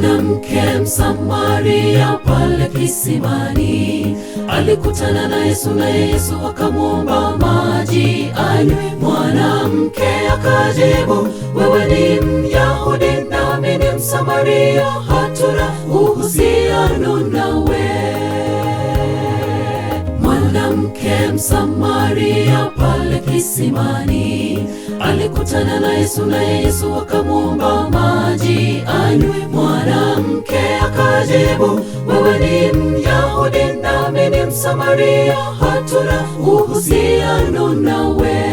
mwanamke Msamaria pale kisimani alikutana na Yesu na Yesu akamwomba maji anywe. Mwanamke akajibu, wewe ni Myahudi nami ni Msamaria, hatuna uhusiano nawe. Mwanamke Msamaria pale kisimani alikutana na Yesu, na Yesu akamwomba maji anywe. Mwanamke akajibu, wewe ni Myahudi nami ni Msamaria, hatuna uhusiano nawe.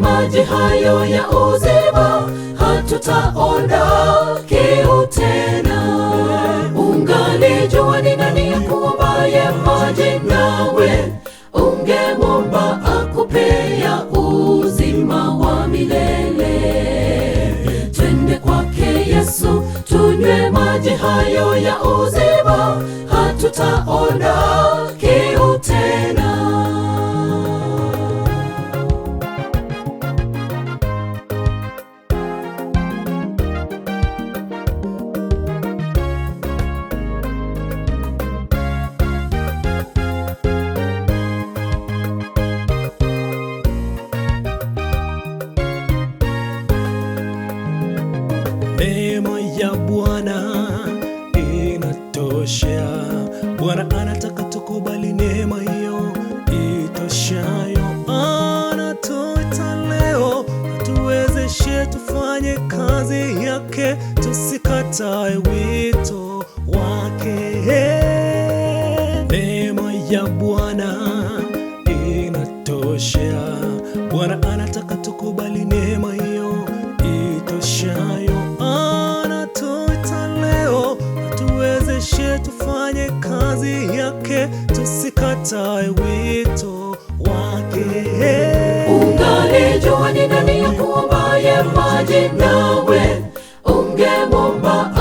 maji hayo ya uzima, hatutaona kiu tena. jua ni nani akuombaye maji, nawe ungemwomba ya uzima wa milele. Twende kwake Yesu, tunywe maji hayo ya uzima, hatutaona kiu Bwana anataka tukubali neema hiyo itoshayo, anatuita leo atuwezeshe tufanye kazi yake, tusikatae wito wake. Neema ya Bwana inatoshea. Bwana anataka tukubali neema hiyo itoshayo, anatuita leo atuwezeshe tufanye kazi mapenzi yake, tusikatae wito wake. Ungalijua ni nani akuombaye maji nawe ungemwomba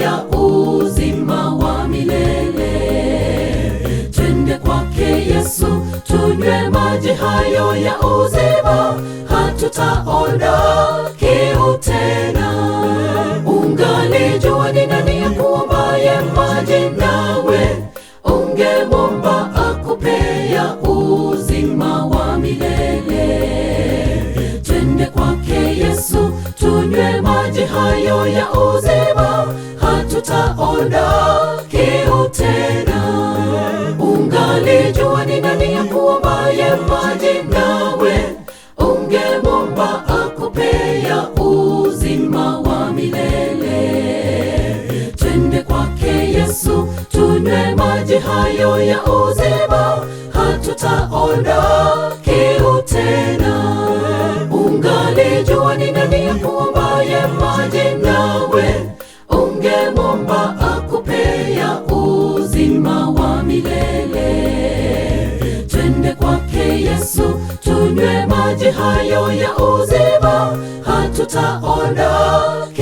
ya uzima wa milele. Twende kwake Yesu, tunywe maji hayo ya uzima, hatutaona kiu tena. ya uzima, hatutaona kiu tena. Ungalijua ni nani akuombaye maji, nawe ungemwomba akupe ya uzima wa milele. Twende kwake Yesu, tunywe maji hayo ya uzima, hatutaona hayo ya uzima hatutaona